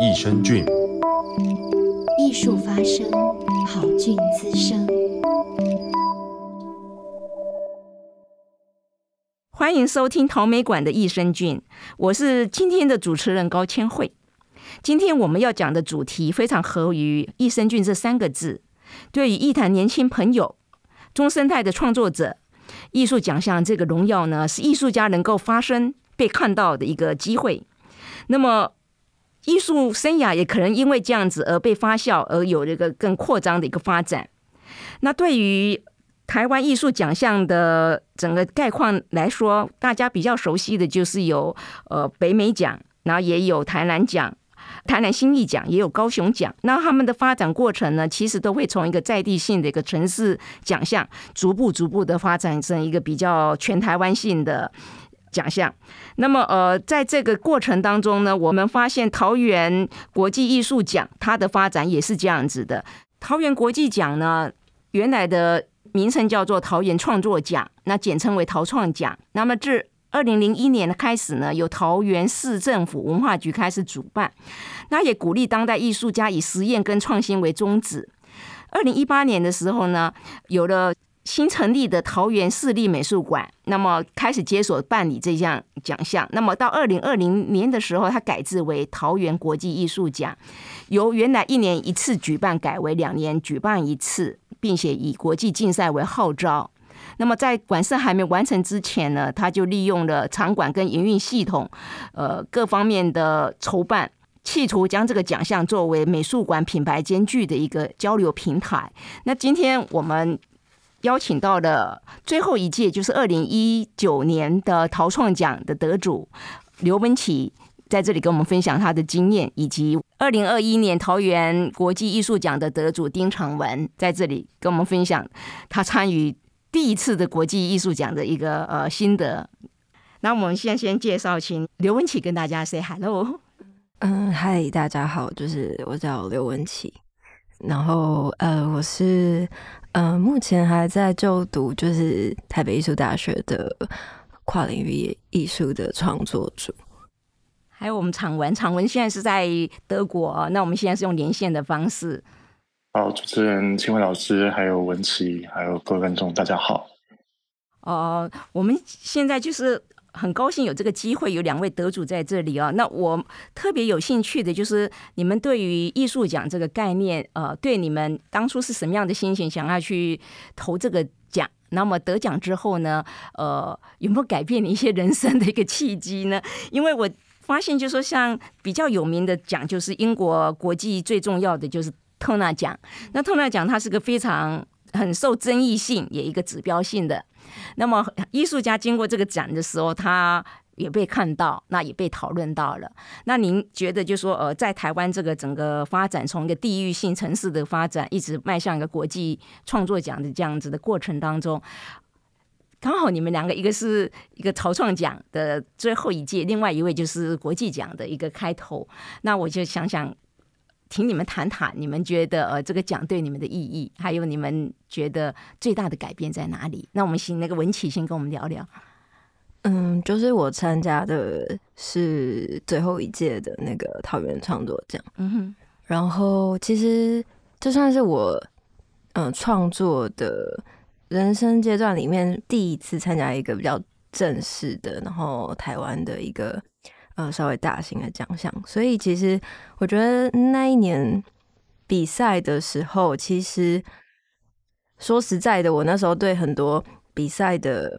益生菌。藝術發聲，好菌滋生。歡迎收聽桃美館的益生菌，我是今天的主持人高千惠。今天我們要講的主題非常合於“益生菌”這三個字，對於一談年輕朋友、中生態的創作者。藝術獎項這個榮耀呢，是藝術家能夠發聲、被看到的一個機會。那麼，藝術生涯也可能因為這樣子而被發酵，而有這個更擴張的一個發展。那對於台灣藝術獎項的整個概況來說，大家比較熟悉的就是有呃北美獎，然後也有台南獎。台南新藝獎，也有高雄獎。那他們的發展過程呢，其實都會從一個在地性的一個城市獎項，逐步逐步的發展成一個比較全台灣性的獎項。那麼，呃，在這個過程當中呢，我們發現桃源國際藝術獎它的發展也是這樣子的。桃源國際獎呢，原來的名稱叫做桃源創作獎，那簡稱為桃創獎。那麼這二零零一年的開始呢，由桃園市政府文化局開始主辦，那也鼓勵當代藝術家以實驗跟創新為宗旨。二零一八年的時候呢，有了新成立的桃園市立美術館，那麼開始接手辦理這項獎項。那麼到二零二零年的時候，它改制為桃園國際藝術獎，由原來一年一次舉辦改為兩年舉辦一次，並且以國際競賽為號召。那麼在館舍還沒完成之前呢，他就利用了場館跟營運系統，呃，各方面的籌辦，企圖將這個獎項作為美術館品牌兼具的一個交流平台。那今天我們邀請到了最後一屆，就是二零一九年的桃創獎的得主劉文琪，在這裡跟我們分享他的經驗，以及二零二一年桃源國際藝術獎的得主丁昶文，在這裡跟我們分享他參與。第一次的國際藝術獎的一個呃心得，那我們現在先介紹，請劉文琪，跟大家 say hello。嗯，嗨，大家好，就是我叫劉文琪。然後呃，我是呃目前還在就讀，就是台北藝術大學的跨領域藝術的創作者。還有我們昶文，昶文現在是在德國，那我們現在是用連線的方式。好，主持人千惠老師，還有文琪，還有各位觀眾，大家好。哦，uh, 我們現在就是很高興有這個機會，有兩位得主在這裡啊、哦。那我特別有興趣的就是，你們對於藝術獎這個概念，呃，對你們當初是什麼樣的心情，想要去投這個獎？那麼得獎之後呢，呃，有沒有改變你一些人生的一個契機呢？因為我發現，就是說像比較有名的獎，就是英國國際最重要的就是。透納獎，那透納獎它是個非常很受爭議性也一個指標性的。那麼藝術家經過這個獎的時候，他也被看到，那也被討論到了。那您覺得就是說呃，在台灣這個整個發展，從一個地域性城市的發展，一直邁向一個國際創作獎的這樣子的過程當中，剛好你們兩個，一個是一個桃創獎的最後一屆，另外一位就是國際獎的一個開頭。那我就想想。聽你們談談，你們覺得呃，這個獎對你們的意義，還有你們覺得最大的改變在哪裡？那我們請那個文琪先跟我們聊聊。嗯，就是我參加的是最後一屆的那個桃源創作獎。嗯哼，然後其實就算是我嗯、呃、創作的人生階段裡面，第一次參加一個比較正式的，然後台灣的一個。呃，稍微大型的獎項，所以其實我覺得那一年比賽的時候，其實說實在的，我那時候對很多比賽的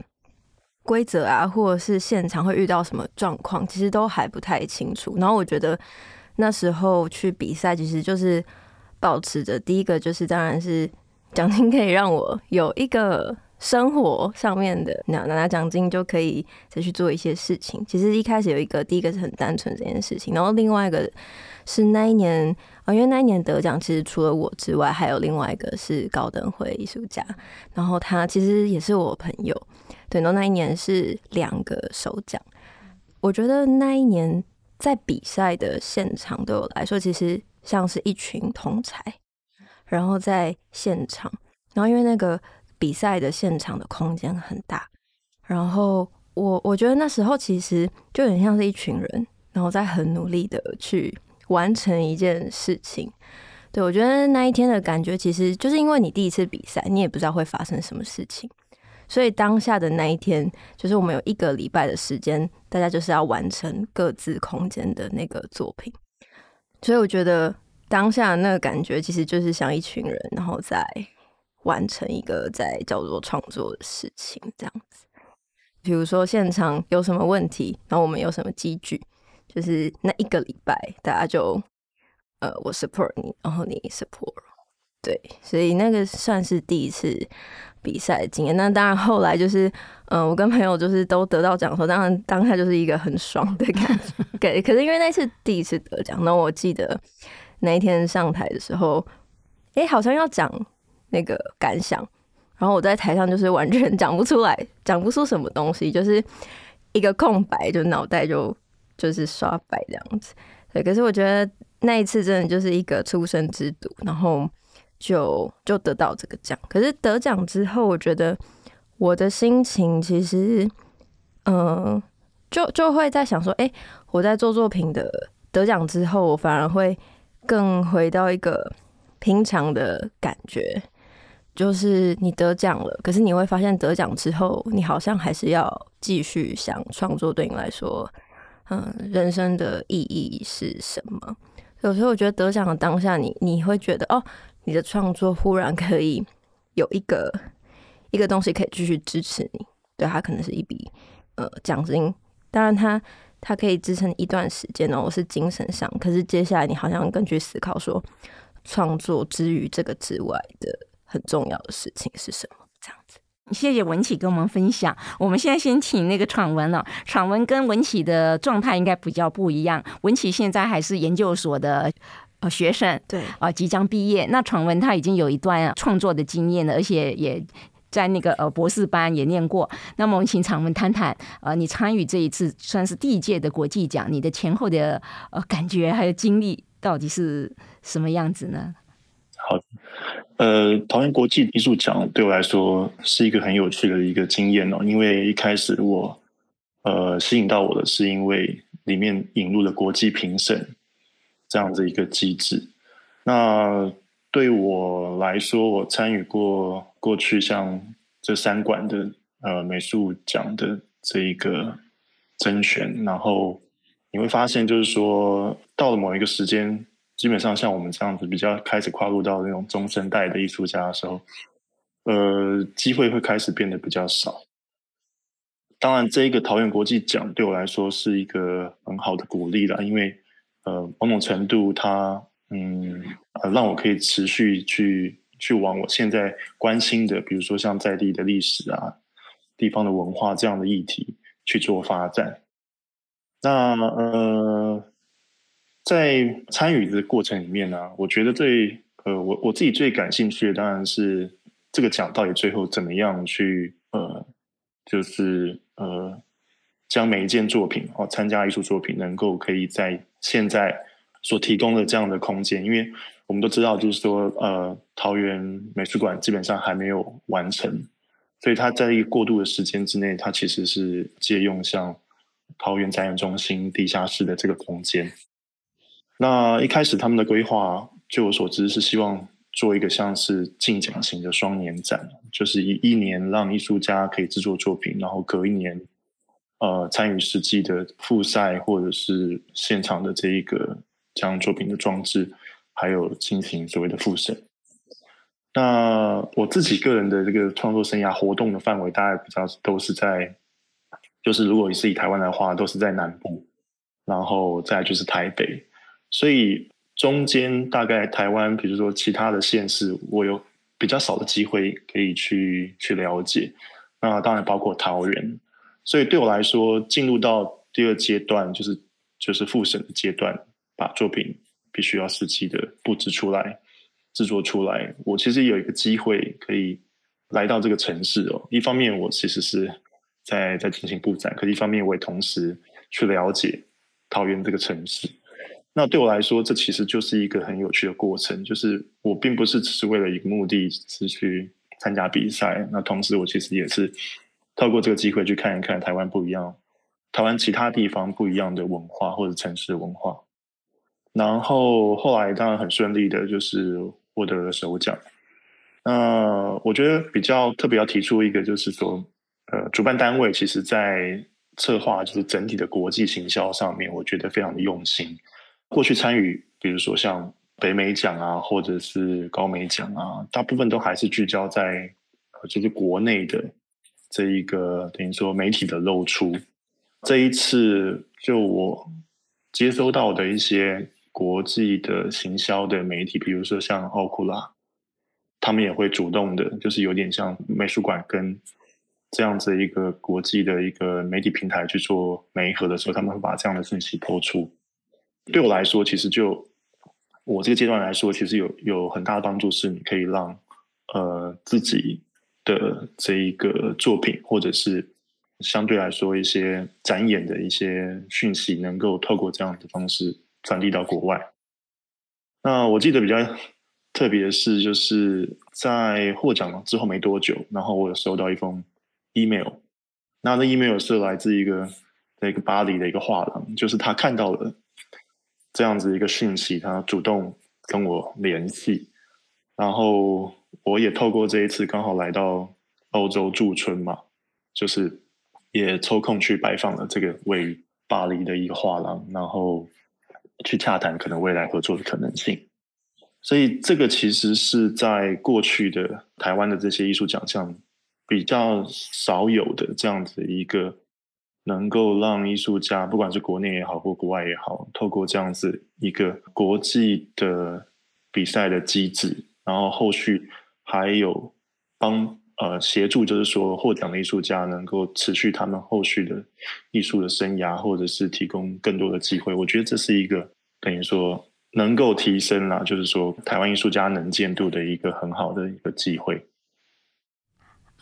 規則啊，或者是現場會遇到什麼狀況，其實都還不太清楚。然後我覺得那時候去比賽，其實就是抱持着第一個，就是當然是獎金可以讓我有一個。生活上面的拿拿拿獎金，就可以再去做一些事情。其實一開始有一個第一個是很單純這件事情，然後另外一個是那一年啊，哦，因為那一年得獎，其實除了我之外，還有另外一個是高登輝藝術家，然後他其實也是我朋友。對，然後那一年是兩個首獎。我覺得那一年在比賽的現場，對我來說其實像是一群同才，然後在現場，然後因為那個。比賽的現場的空間很大，然後我我覺得那時候其實就很像是一群人，然後在很努力的去完成一件事情。對，我覺得那一天的感覺，其實就是因為你第一次比賽，你也不知道會發生什麼事情，所以當下的那一天，就是我們有一個禮拜的時間，大家就是要完成各自空間的那個作品。所以我覺得當下的那個感覺，其實就是像一群人，然後在完成一個在叫做創作的事情。這樣子，比如說現場有什麼問題，然後我們有什麼機具，就是那一個禮拜大家就呃，我 support 你，然後你 support，對，所以那個算是第一次比賽經驗。那當然後來就是，呃，我跟朋友就是都得到獎的時候，當然當下就是一個很爽的感覺。對， 可是因為那次第一次得獎，那我記得那一天上台的時候，哎、欸，好像要講。那個感想，然後我在台上就是完全講不出來，講不出什麼東西，就是一個空白，就腦袋就就是刷白這樣子。對，可是我覺得那一次真的就是一個初生之犢，然後就就得到這個獎。可是得獎之後，我覺得我的心情其實，嗯，就就會在想說，誒、欸，我在做作品的得獎之後，我反而會更回到一個平常的感覺。就是你得獎了，可是你會發現得獎之後，你好像還是要繼續想創作。對你來說，嗯，人生的意義是什麼？有時候我覺得得獎的當下你，你你會覺得哦，你的創作忽然可以有一個一個東西可以繼續支持你。對，它可能是一筆呃獎金，當然它它可以支撐一段時間哦，是精神上。可是接下來你好像更去思考說，創作之於這個之外的。很重要的事情是什麼？這樣子，謝謝文琪跟我們分享。我們現在先請那個昶文了、哦。昶文跟文琪的狀態應該比較不一樣。文琪現在還是研究所的學生，對，啊，即將畢業。那昶文他已經有一段創作的經驗了，而且也在那個呃博士班也念過。那麼我們請昶文談談，呃，你參與這一次算是第一屆的國際獎，你的前後的呃感覺還有經歷到底是什麼樣子呢？好。呃，桃源國際藝術獎對我來說是一個很有趣的一個經驗哦，因為一開始我呃吸引到我的是因為裡面引入了國際評審這樣的一個機制。那對我來說，我參與過過去像這三館的呃美術獎的這一個甄選，然後你會發現就是說到了某一個時間。基本上像我們這樣子比較開始跨入到那種中生代的藝術家的時候，呃，機會會開始變得比較少。當然，這一個桃源國際獎對我來說是一個很好的鼓勵啦，因為呃，某種程度它嗯、呃，讓我可以持續去去往我現在關心的，比如說像在地的歷史啊、地方的文化這樣的議題去做發展。那呃。在參與的過程裡面呢、啊，我覺得最呃，我我自己最感興趣的當然是這個獎到底最後怎麼樣去呃，就是呃，將每一件作品哦、呃，參加藝術作品能夠可以在現在所提供的這樣的空間，因為我們都知道，就是說呃，桃園美術館基本上還沒有完成，所以它在一個過渡的時間之內，它其實是借用像桃園展覽中心地下室的這個空間。那一開始他們的規劃，據我所知是希望做一個像是競獎型的雙年展，就是一一年讓藝術家可以制作作品，然後隔一年，呃，參與實際的複賽或者是現場的這一個將作品的裝置，還有進行所謂的複審。那我自己個人的這個創作生涯活動的範圍，大概比較都是在，就是如果你是以台灣的話，都是在南部，然後再就是台北。所以中間大概台灣，比如說其他的縣市，我有比較少的機會可以去去了解。那當然包括桃園。所以對我來說，進入到第二階段，就是就是複審的階段，把作品必須要實際的佈置出來、製作出來。我其實有一個機會可以來到這個城市哦。一方面我其實是在在進行佈展，可是一方面我也同時去了解桃園這個城市。那對我來說，這其實就是一個很有趣的過程。就是我並不是只是為了一個目的是去參加比賽，那同時我其實也是透過這個機會去看一看台灣不一樣、台灣其他地方不一樣的文化或者城市文化。然後後來當然很順利的，就是獲得了首獎。那我覺得比較特別要提出一個，就是說，呃，主辦單位其實在策劃就是整體的國際行銷上面，我覺得非常的用心。過去參與，比如說像北美獎啊，或者是高美獎啊，大部分都還是聚焦在，就是國內的這一個等於說媒體的露出。這一次，就我接收到的一些國際的行銷的媒體，比如說像奧庫拉，他們也會主動的，就是有點像美術館跟這樣子一個國際的一個媒體平台去做媒合的時候，他們會把這樣的信息播出。對我來說，其實就我這個階段來說，其實有有很大的幫助，是你可以讓呃自己的這一個作品，或者是相對來說一些展演的一些訊息，能夠透過這樣的方式傳遞到國外。那我記得比較特別的是，就是在獲獎了之後沒多久，然後我有收到一封 email，那那 email 是來自一個在一個巴黎的一個畫廊，就是他看到了。這樣子一個訊息，他主動跟我聯繫，然後我也透過這一次剛好來到歐洲駐村嘛，就是也抽空去拜訪了這個位於巴黎的一個畫廊，然後去洽談可能未來合作的可能性。所以這個其實是在過去的台灣的這些藝術獎項比較少有的這樣子一個。能夠讓藝術家，不管是國內也好，或國外也好，透過這樣子一個國際的比賽的機制，然後後續還有幫呃協助，就是說獲獎的藝術家能夠持續他們後續的藝術的生涯，或者是提供更多的機會。我覺得這是一個等於說能夠提升啦，就是說台灣藝術家能見度的一個很好的一個機會。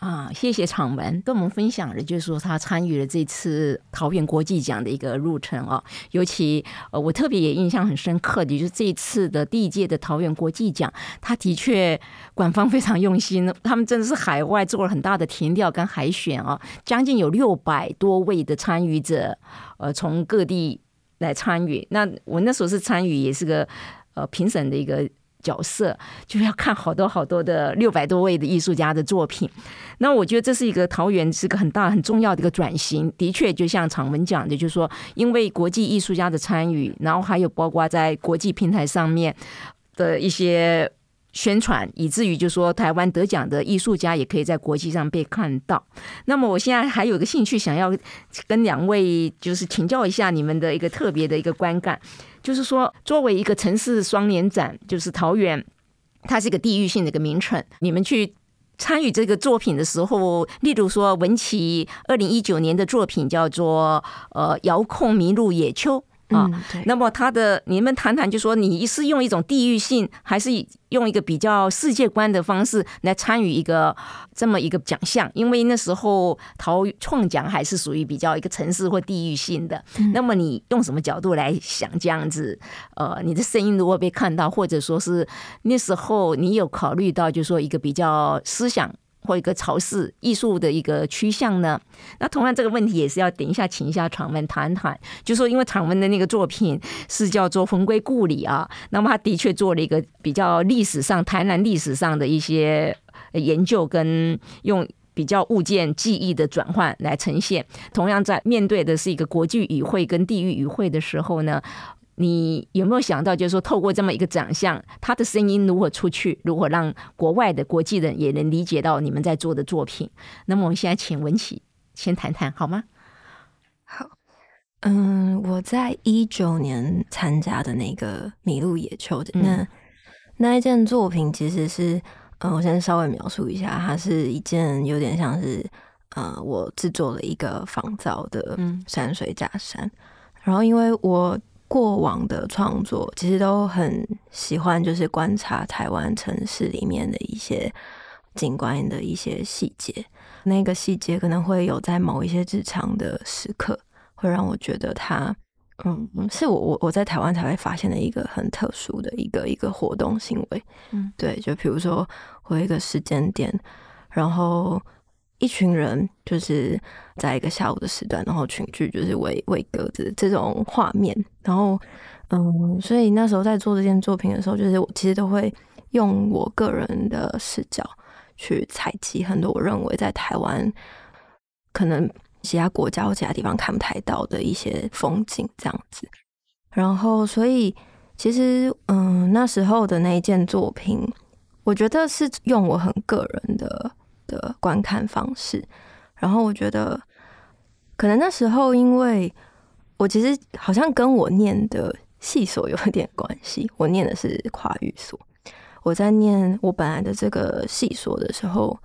啊，謝謝昶文跟我們分享的，就是說他參與了這次桃源國際獎的一個路程啊。尤其呃，我特別也印象很深刻的就是這一次的第一屆的桃源國際獎，他的確官方非常用心，他們真的是海外做了很大的田調跟海選啊，將近有六百多位的參與者，呃，從各地來參與。那我那時候是參與，也是個呃評審的一個。角色就要看好多好多的六百多位的藝術家的作品，那我覺得這是一個桃源，是一個很大很重要的一個轉型。的確，就像昶文講的，就是說，因為國際藝術家的參與，然後還有包括在國際平台上面的一些宣傳，以至於就是說台灣得獎的藝術家也可以在國際上被看到。那麼，我現在還有個興趣，想要跟兩位就是請教一下你們的一個特別的一個觀感。就是說，作為一個城市雙年展，就是桃源，它是一個地域性的一個名稱。你們去參與這個作品的時候，例如說文琪二零一九年的作品叫做《呃，遙控麋鹿野秋。啊、嗯哦，那麼他的，你們談談，就是說你是用一種地域性，還是用一個比較世界觀的方式來參與一個這麼一個獎項？因為那時候桃創獎還是屬於比較一個城市或地域性的。那麼你用什麼角度來想這樣子？呃，你的聲音如果被看到，或者說是那時候你有考慮到，就是說一個比較思想。或一個潮市藝術的一個趨向呢？那同樣這個問題也是要等一下請一下昶文談談。就是說因為昶文的那個作品是叫做《魂歸故里》啊，那麼他的確做了一個比較歷史上台南歷史上的一些研究，跟用比較物件記憶的轉換來呈現。同樣在面對的是一個國際語彙跟地域語彙的時候呢。你有沒有想到，就是說，透過這麼一個獎項，他的聲音如何出去，如何讓國外的國際人也能理解到你們在做的作品？那麼，我們現在請文琪先談談，好嗎？好，嗯，我在一九年參加的那個麋鹿野球的那、嗯、那一件作品，其實是，呃、嗯，我先稍微描述一下，它是一件有點像是，呃，我製作了一個仿造的山水假山，嗯、然後因為我。過往的創作其實都很喜歡，就是觀察台灣城市裡面的一些景觀的一些細節。那個細節可能會有在某一些日常的時刻，會讓我覺得它，嗯，是我我我在台灣才會發現的一個很特殊的一個一個活動行為。嗯，對，就比如說，回一個時間點，然後。一群人就是在一個下午的時段，然後群聚就是餵餵鴿子這種畫面，然後嗯，所以那時候在做這件作品的時候，就是我其實都會用我個人的視角去採集很多我認為在台灣可能其他國家或其他地方看不太到的一些風景，這樣子。然後，所以其實嗯，那時候的那一件作品，我覺得是用我很個人的。的觀看方式，然後我覺得，可能那時候因為我其實好像跟我念的系所有點關係，我念的是跨域所。我在念我本來的這個系所的時候，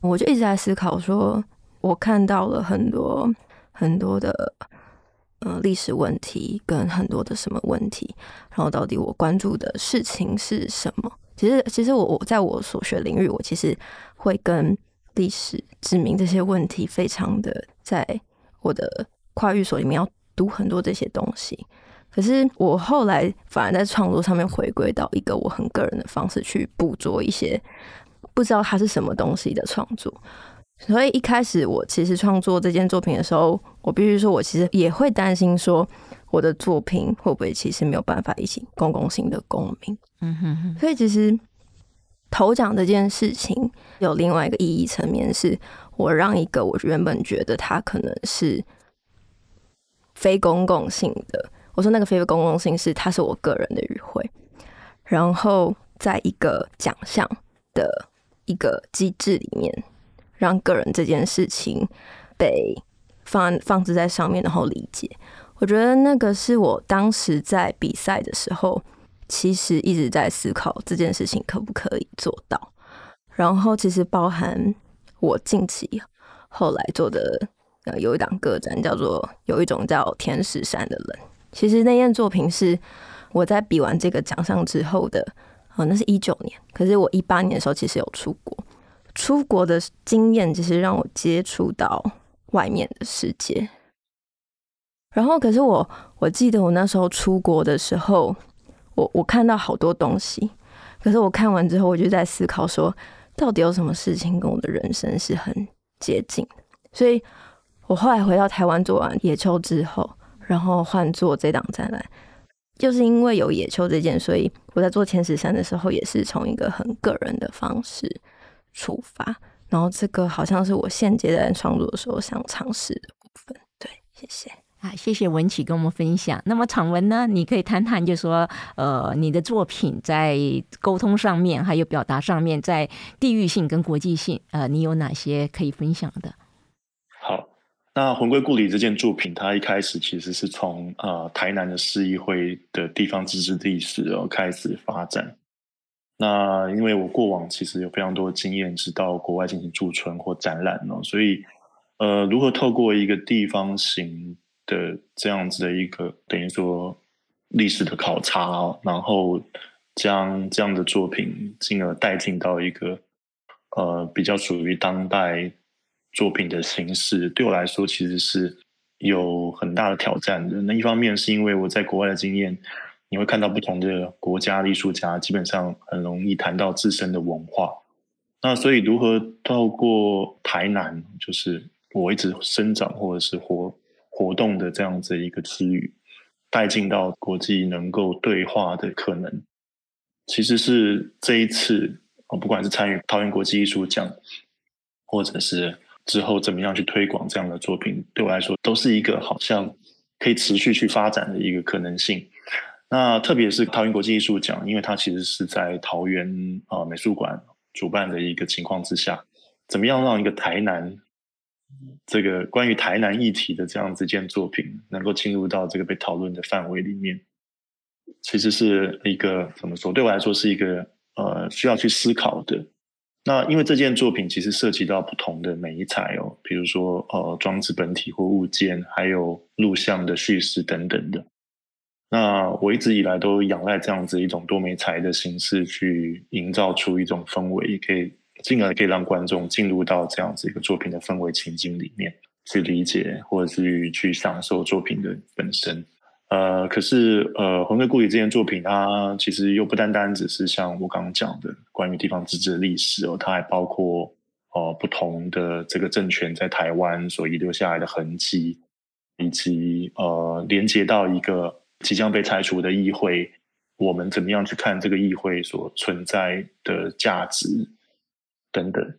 我就一直在思考說，我看到了很多很多的，呃，歷史問題跟很多的什麼問題，然後到底我關注的事情是什麼？其實，其實我我在我所學領域，我其實。會跟歷史指明這些問題，非常的在我的跨域所裡面要讀很多這些東西。可是我後來反而在創作上面回歸到一個我很個人的方式去捕捉一些不知道它是什麼東西的創作。所以一開始我其實創作這件作品的時候，我必須說我其實也會擔心說我的作品會不會其實沒有辦法引起公共性的共鳴。所以其實。頭獎這件事情有另外一個意義層面，是我讓一個我原本覺得它可能是非公共性的，我說那個非公共性是它是我個人的語彙，然後在一個獎項的一個機制裡面，讓個人這件事情被放放置在上面，然後理解，我覺得那個是我當時在比賽的時候，其實一直在思考這件事情可不可以做到，然後其實包含我近期後來做的呃有一檔個展叫做有一種叫天使山的人，其實那件作品是我在比完這個獎項之後的啊、嗯，那是一九年，可是我一八年的時候其實有出國，出國的經驗其實讓我接觸到外面的世界，然後可是我我記得我那時候出國的時候。我我看到好多東西，可是我看完之後，我就在思考說，到底有什麼事情跟我的人生是很接近的，所以我後來回到台灣做完野秋之後，然後換做這檔展覽，就是因為有野秋這件，所以我在做前十三的時候，也是從一個很個人的方式出發。然後這個好像是我現階段創作的時候想嘗試的部分。對，謝謝。啊，謝謝文琪跟我們分享。那麼昶文呢，你可以談談，就是說呃，你的作品在溝通上面，還有表達上面，在地域性跟國際性，呃，你有哪些可以分享的？好，那《魂歸故里》這件作品，它一開始其實是從呃台南的市議會的地方自治歷史而、哦、開始發展。那因為我過往其實有非常多的經驗，是到國外進行駐村或展覽呢、哦，所以呃，如何透過一個地方型。的這樣子的一個等於說歷史的考察，然後將這樣的作品進而帶進到一個呃比較屬於當代作品的形式，對我來說其實是有很大的挑戰的。那一方面是因為我在國外的經驗，你會看到不同的國家藝術家基本上很容易談到自身的文化，那所以如何透過台南，就是我一直生長或者是活活動的這樣子一個詞語，帶進到國際能夠對話的可能，其實是這一次，我不管是參與桃源國際藝術獎，或者是之後怎麼樣去推廣這樣的作品，對我來說都是一個好像可以持續去發展的一個可能性。那特別是桃源國際藝術獎，因為它其實是在桃園啊美術館主辦的一個情況之下，怎麼樣讓一個台南。這個關於台南議題的這樣子件作品，能夠進入到這個被討論的範圍裡面，其實是一個怎麼說？對我來說是一個呃需要去思考的。那因為這件作品其實涉及到不同的媒材哦，比如說呃裝置本體或物件，還有錄像的敘事等等的。那我一直以來都仰賴這樣子一種多媒材的形式去營造出一種氛圍，也可以。進而可以讓觀眾進入到這樣子一個作品的氛圍、情境裡面去理解，或者是去享受作品的本身。呃，可是呃，《魂歸故里》這件作品，它其實又不單單只是像我剛剛講的關於地方自治的歷史哦，它還包括呃不同的這個政權在台灣所遺留下來的痕跡，以及呃連接到一個即將被拆除的議會，我們怎麼樣去看這個議會所存在的價值？等等，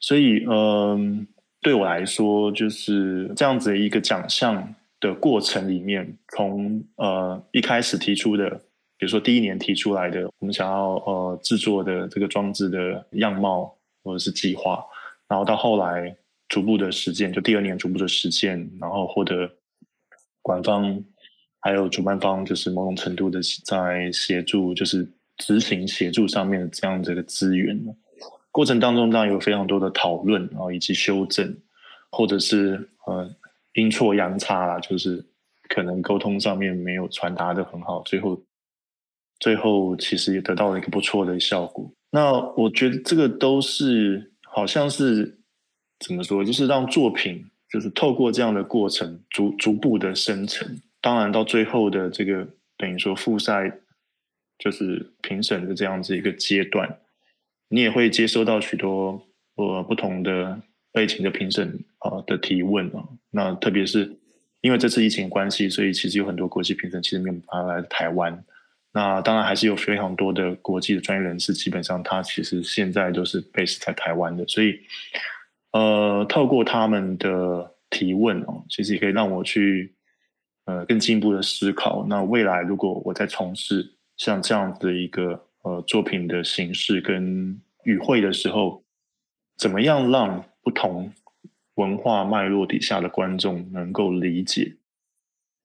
所以，嗯、呃，對我來說，就是這樣子的一個獎項的過程裡面，從呃一開始提出的，比如說第一年提出來的，我們想要呃製作的這個裝置的樣貌或者是計劃，然後到後來逐步的實踐，就第二年逐步的實踐，然後獲得，官方還有主辦方就是某種程度的在協助，就是執行協助上面的這樣子的資源過程當中當然有非常多的討論啊，以及修正，或者是呃陰錯陽差啦，就是可能溝通上面沒有傳達得很好，最後最後其實也得到了一個不錯的效果。那我覺得這個都是好像是怎麼說，就是讓作品就是透過這樣的過程逐逐步的生成。當然到最後的這個等於說複賽，就是評審的這樣子一個階段。你也會接收到許多呃不同的類型的評審呃的提問啊、哦，那特別是因為這次疫情關係，所以其實有很多國際評審其實沒有辦法來台灣，那當然還是有非常多的國際的專業人士，基本上他其實現在都是 base 在台灣的，所以呃透過他們的提問哦，其實也可以讓我去呃更進一步的思考，那未來如果我在從事像這樣子的一個。呃，作品的形式跟語彙的時候，怎麼樣讓不同文化脈絡底下的觀眾能夠理解？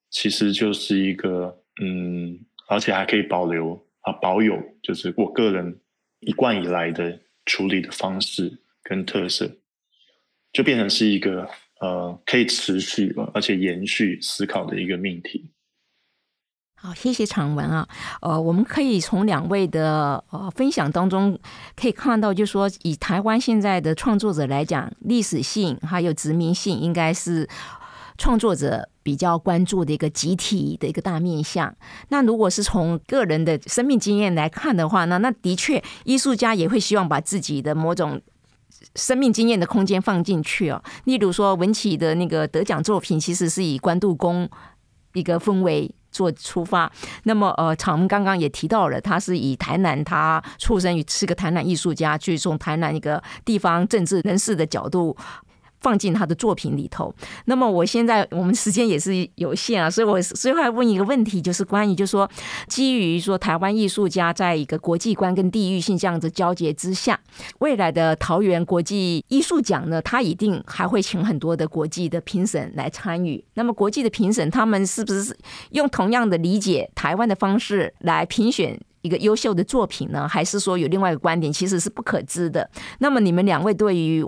其實就是一個嗯，而且還可以保留啊，保有就是我個人一貫以來的處理的方式跟特色，就變成是一個呃，可以持續而且延續思考的一個命題。好，謝謝昶文啊。呃，我們可以從兩位的呃分享，當中可以看到，就是說以台灣現在的創作者來講，歷史性還有殖民性，應該是創作者比較關注的一個集體的一個大面向。那如果是從個人的生命經驗來看的話呢，那的確藝術家也會希望把自己的某種生命經驗的空間放進去哦。例如說，文琪的那個得獎作品，其實是以關渡宮一個氛圍做出發，那麼呃，昶文剛剛也提到了，他是以台南他出生於是個台南藝術家，去從台南一個地方政治人士的角度。放進他的作品裡頭。那麼，我現在我們時間也是有限啊，所以我最後問一個問題，就是關於，就是說，基於說台灣藝術家在一個國際觀跟地域性這樣子交接之下，未來的桃園國際藝術獎呢，他一定還會請很多的國際的評審來參與。那麼，國際的評審他們是不是用同樣的理解台灣的方式來評選一個優秀的作品呢？還是說有另外一個觀點，其實是不可知的？那麼，你們兩位對於？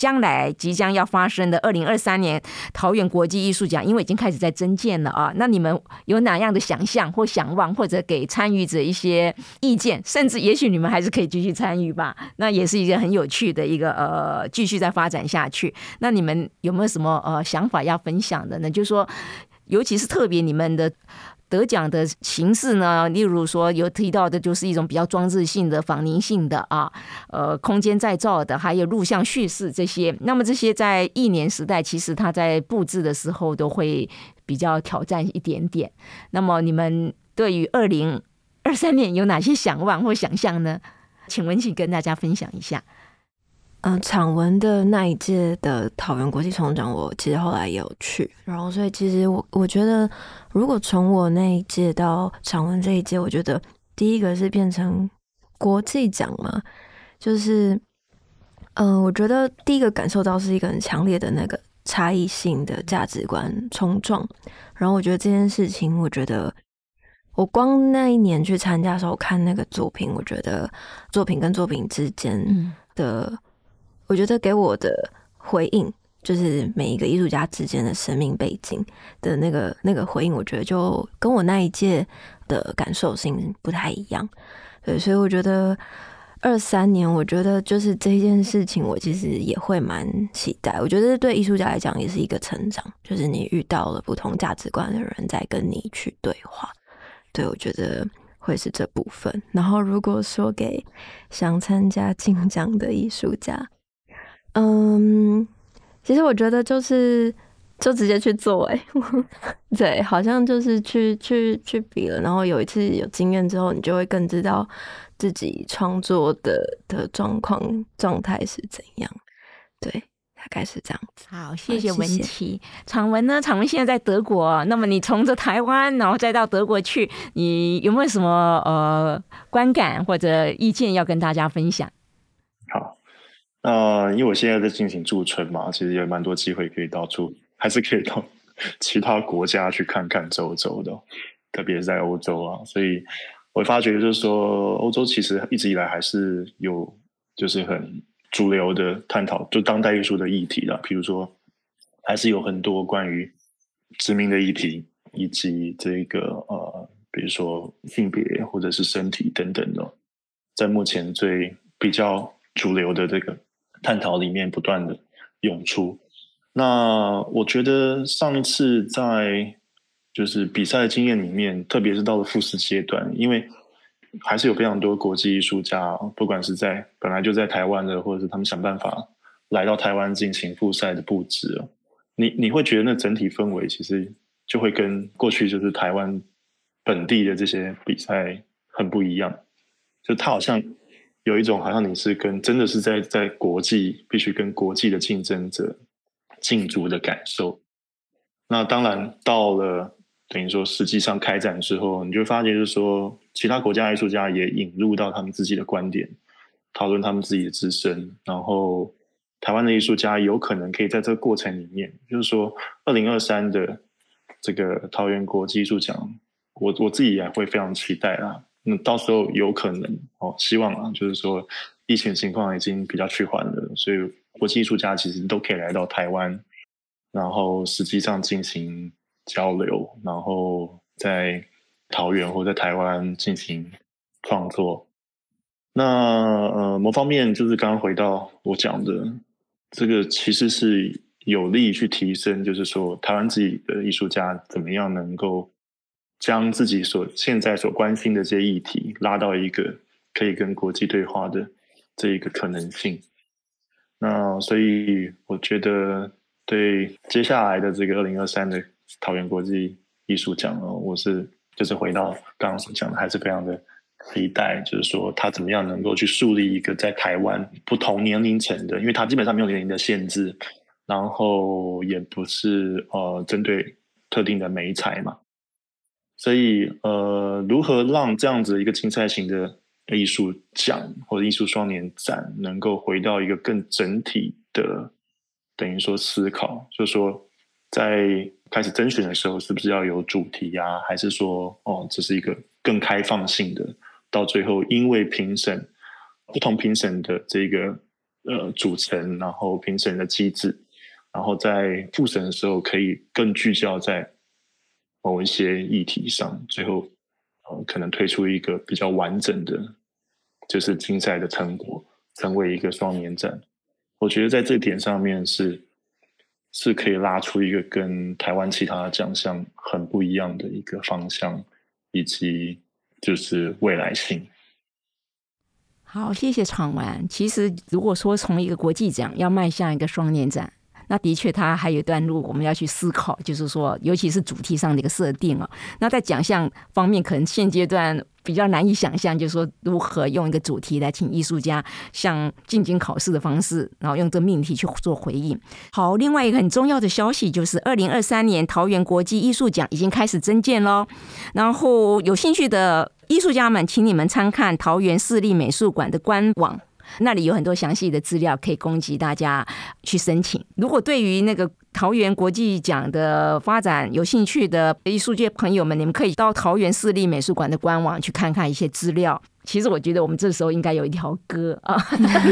將來即將要發生的二零二三年桃源國際藝術獎，因為已經開始在徵件了啊，那你們有哪樣的想象或想望，或者給參與者一些意見，甚至也許你們還是可以繼續參與吧？那也是一件很有趣的一個呃，繼續再發展下去。那你們有沒有什麼呃想法要分享的呢？就是說。尤其是特別你們的得獎的形式呢，例如說有提到的，就是一種比較裝置性的、仿臨性的啊，呃，空間再造的，還有錄像敘事這些。那麼這些在一年時代，其實他在布置的時候都會比較挑戰一點點。那麼你們對於二零二三年有哪些想望或想象呢？請文琪跟大家分享一下。嗯、呃，昶文的那一屆的桃源國際創作獎，我其實後來也有去，然後所以其實我我覺得，如果從我那一屆到昶文這一屆，我覺得第一個是變成國際獎嘛，就是嗯、呃，我覺得第一個感受到是一個很強烈的那個差異性的價值觀衝撞，然後我覺得這件事情，我覺得我光那一年去參加的時候看那個作品，我覺得作品跟作品之間的、嗯。我覺得給我的回應就是每一個藝術家之間的生命背景的那個那個回應，我覺得就跟我那一屆的感受性不太一樣。對，所以我覺得二三年，我覺得就是這件事情，我其實也會蠻期待。我覺得對藝術家來講也是一個成長，就是你遇到了不同價值觀的人在跟你去對話。對，我覺得會是這部分。然後如果說給想參加競獎的藝術家。嗯，um, 其實我覺得就是，就直接去做，欸， 對，好像就是去去去比了，然後有一次有經驗之後，你就會更知道自己創作的的狀況狀態是怎樣？對，大概是這樣子。好，謝謝文琪。昶，啊，文呢？昶文現在在德國。那麼你從這台灣，然後再到德國去，你有沒有什麼呃觀感或者意見要跟大家分享？啊、呃，因為我現在在進行駐村嘛，其實也蠻多機會可以到處，還是可以到其他國家去看看走走的，哦，特別是在歐洲啊。所以，我發覺就是說，歐洲其實一直以來還是有就是很主流的探討，就當代藝術的議題的，比如說，還是有很多關於殖民的議題，以及這個呃，比如說性別或者是身體等等的，哦，在目前最比較主流的這個。探討裡面不斷的湧出，那我覺得上一次在就是比賽經驗裡面，特別是到了複試階段，因為還是有非常多國際藝術家，不管是在本來就在台灣的，或者是他們想辦法來到台灣進行複賽的布置。你你會覺得那整體氛圍其實就會跟過去就是台灣本地的這些比賽很不一樣，就他好像。有一種好像你是跟真的是在在國際必須跟國際的競爭者競逐的感受。那當然到了等於說實際上開展之後，你就發覺就是說其他國家藝術家也引入到他們自己的觀點，討論他們自己的自身。然後台灣的藝術家有可能可以在這個過程裡面，就是說二零二三的這個桃源國際藝術獎，我我自己也會非常期待啦。那到時候有可能哦，希望啊，就是說疫情情況已經比較趨緩了，所以國際藝術家其實都可以來到台灣，然後實際上進行交流，然後在桃園或在台灣進行創作。那呃某方面就是剛剛回到我講的，這個其實是有利於去提升，就是說台灣自己的藝術家怎麼樣能夠。將自己所現在所關心的這些議題拉到一個可以跟國際對話的這一個可能性。那所以我覺得對接下來的這個二零二三的桃源國際藝術獎啊，我是就是回到剛剛所講的，還是非常的期待，就是說他怎麼樣能夠去樹立一個在台灣不同年齡層的，因為他基本上沒有年齡的限制，然後也不是呃針對特定的媒材嘛。所以，呃，如何讓這樣子一個競賽型的藝術獎或者藝術雙年展，能夠回到一個更整體的，等於說思考，就是說，在開始徵選的時候，是不是要有主題啊？還是說，哦，這是一個更開放性的？到最後，因為評審，不同評審的這個呃組成，然後評審的機制，然後在復審的時候，可以更聚焦在。某一些議題上，最後，呃，可能推出一個比較完整的，就是競賽的成果，成為一個雙年展。我覺得在這點上面是，是可以拉出一個跟台灣其他獎項很不一樣的一個方向，以及就是未來性。好，謝謝昶文。其實，如果說從一個國際獎要邁向一個雙年展。那的確，他還有一段路我們要去思考，就是說，尤其是主題上的一個設定啊。那在獎項方面，可能現階段比較難以想象，就是說如何用一個主題來請藝術家像進京考試的方式，然後用這命題去做回應。好，另外一個很重要的消息就是，二零二三年桃源國際藝術獎已經開始徵件嘍。然後有興趣的藝術家們，請你們參看桃園市立美術館的官網。那裡有很多詳細的資料可以供給大家去申請。如果對於那個桃源國際獎的發展有興趣的藝術界朋友們，你們可以到桃園市立美術館的官網去看看一些資料。其實我覺得我們這時候應該有一條歌啊，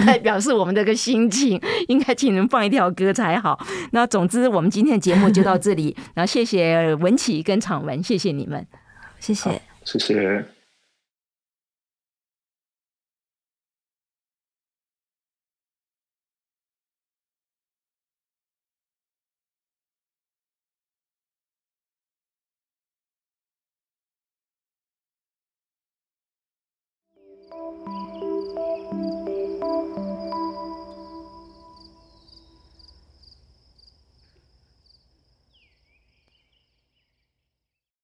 來 表示我們這個心情，應該請你們放一條歌才好。那總之，我們今天的節目就到這裡， 然後謝謝文琪跟昶文，謝謝你們，謝謝，謝謝。